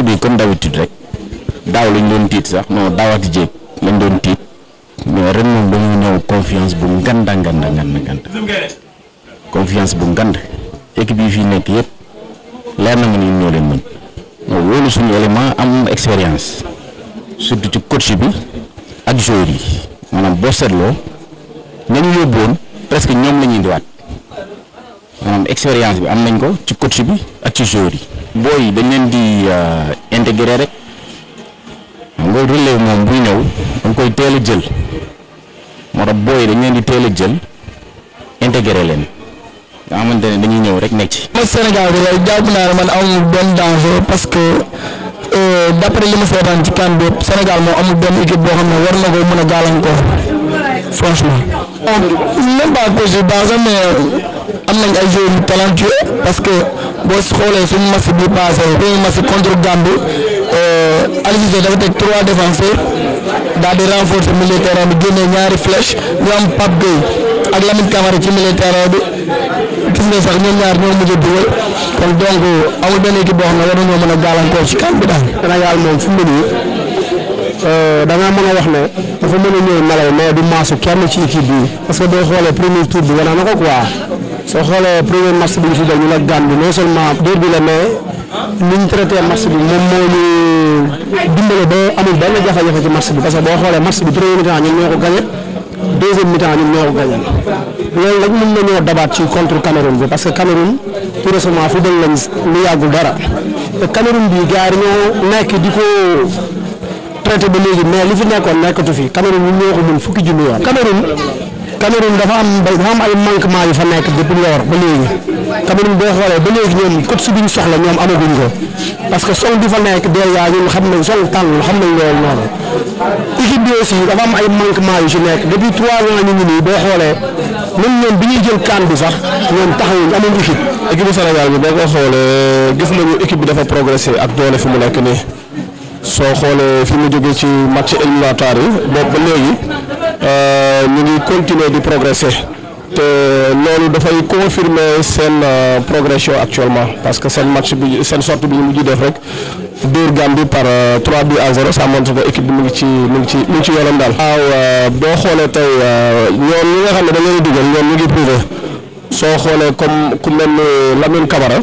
course bi comme d'habitude rek daaw lañ doon tit sax non daawati jéeg lañ doon tit mais ren mom dañu ñew confiance bu nganda nganda nganda nganda confiance bu ngand équipe bi fi nek yépp leer na ma ni ñoo leen mën moo wóolu suñu élément am expérience surtout ci coach bi ak joueur yi maanaam boo seetloo nañu yobone presque ñom lañuy ñuy indiwaat maanaam expérience bi am nañ ko ci coach bi ak ci joueur yi booy dañ leen di euh, intégré rek nga relève moom buy ñëw danga koy teel a jël moo tax booy dañ leen di teel a jël intégré leen nga xamante ne dañuy ñëw rek nekk ci. ma Sénégal bi rek jàpp naa ne man amul benn danger parce que euh, d'après li mu seetaan ci kan bépp Sénégal moom amul benn équipe boo xam ne war na koy mën a gàllankoor franchement. même pas que je base mais euh, am nañ ay joueurs yu talentueux parce que boo xoolee suñu match bi passé suñu match contre Gambie euh, Aliou Cissé dafa teg trois défenseurs daal di renforcer milieu terrain bi génnee ñaari flèche ñu am Pape Gueye ak Lamine Camara ci milieu terrain bi gis nga sax ñoom ñaar ñoo mujj a dugal kon donc amul benn équipe boo xam ne war mën a gàllankoor ci kan bi daal. Sénégal moom fu mu ne nii Euh, da ngaa a wax ne dafa mën ci équipe bi parce que boo xoolee premier tour bi wane na ko quoi soo xoolee benn jafe-jafe ci match bi parce que boo bi premier mi-temps ñun ñoo ko dabaat ci contre Cameroun bi parce que Cameroun tout récemment fu dal lañ lu yàggul dara te Cameroun bi gars ñoo nekk di traité ba léegi mais li fi nekkoon nekkatu fi Cameroun ñu ñoo ko mun fukki junni yoon Cameroun Cameroun dafa am dafa am ay manquement yu fa nekk depuis lors ba léegi Cameroun boo xoolee ba léegi ñoom code su bi ñu soxla ñoom amaguñ ko parce que song di fa nekk déjà ñun xam nañ song tànn xam nañ loolu noonu équipe bi aussi dafa am ay manquement yu ci nekk depuis trois ans ñu ngi nii boo xoolee même ñoom bi ñuy jël kan bi sax ñoom taxawuñ amuñ équipe. équipe Sénégal bi boo ko xoolee gis nañu équipe bi dafa progressé ak doole fi mu nekk nii. So xoolee fi mu jógee ci match éliminatoire yi euh, progresser Nous devons confirmer cette euh, progression actuellement parce que le match bi sortie bi ñu par 3 euh, buts à 0 ça montre que l'équipe ngi ci ngi ci soo xoolee comme ku mel ni Lamine Camara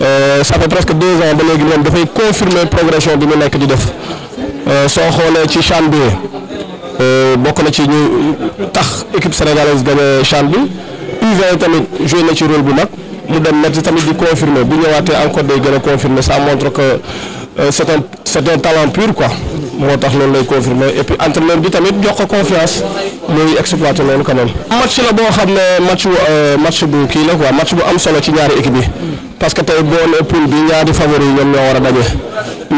euh, ça fait presque deux ans ba léegi de dafay confirmer progression bi mu nekk di def euh, soo xoolee ci CHAN bi euh, bokk na ci ñu tax équipe sénégalaise de CHAN il U20 tamit joué na ci rôle bu mag mu dem nekk tamit di confirmer bu encore des gën confirmer ça montre que c'est un c'est un talent pur quoi. moo tax loolu lay confirmé et puis entraîneur bi tamit jox ko confiance muy exploité loolu quand même. match la boo xam ne match bu euh, match bu kii la quoi match bu am solo ci ñaari équipe bi parce que tey boo nee poule bi ñaari favori ñoom ñoo war a daje.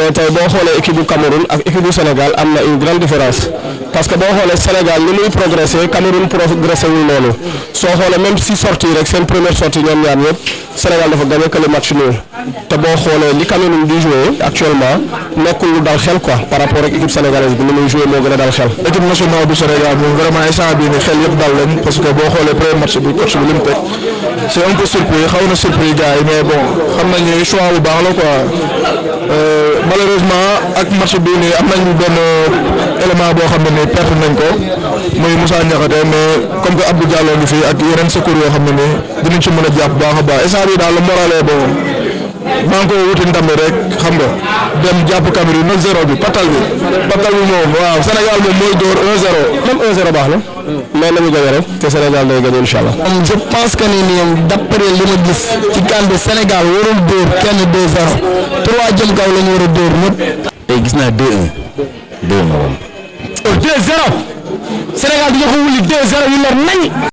mais tey boo xoolee équipe bu Cameroun ak équipe bu Sénégal am na une grande différence parce que boo xoolee Sénégal ni muy progressé Cameroun progressé wul noonu soo xoolee même si sortie rek seen première sortie ñoom ñaar ñëpp Sénégal dafa gagné que le match nul te boo xoolee li Cameroun di jouer actuellement nekkul lu dal xel quoi par rapport ak équipe sénégalaise bi ni muy jouer moo gën a dal xel. équipe nationale du Sénégal moom vraiment instant bii nii xel yëpp dal leen parce que boo xoolee premier match bi coach bi li mu teg c'est un peu surpris xaw na surpris gars yi mais bon xam nañu choix bu baax la quoi. Euh, malheureusement ak match bii nii am nañ benn euh, élément boo xam ne nii perte nañ ko muy Moussa Niakhaté mais comme que Abdou Diallo ngi fii ak yeneen secours yoo xam ne nii dinañ ci mën a jàpp baax a baax instant bii daal le moral est bon maa ngi wuti ndam rek xam nga dem jàpp Cameroun nag zéro bi patal bi patal bi moom waaw Sénégal moom mooy dóor 1-0 même 1-0 baax na. mais nañu gagné rek te Sénégal day gagné incha allah. je pense que ni ñoom d'après li ma gis ci kan bi Sénégal warul waa jëm kaw la ñu war a dóor ñëpp. tey gis naa 2-1. 2-1 waaw. 2-0 Sénégal dina ko wuli 2-0 yu leer nañ.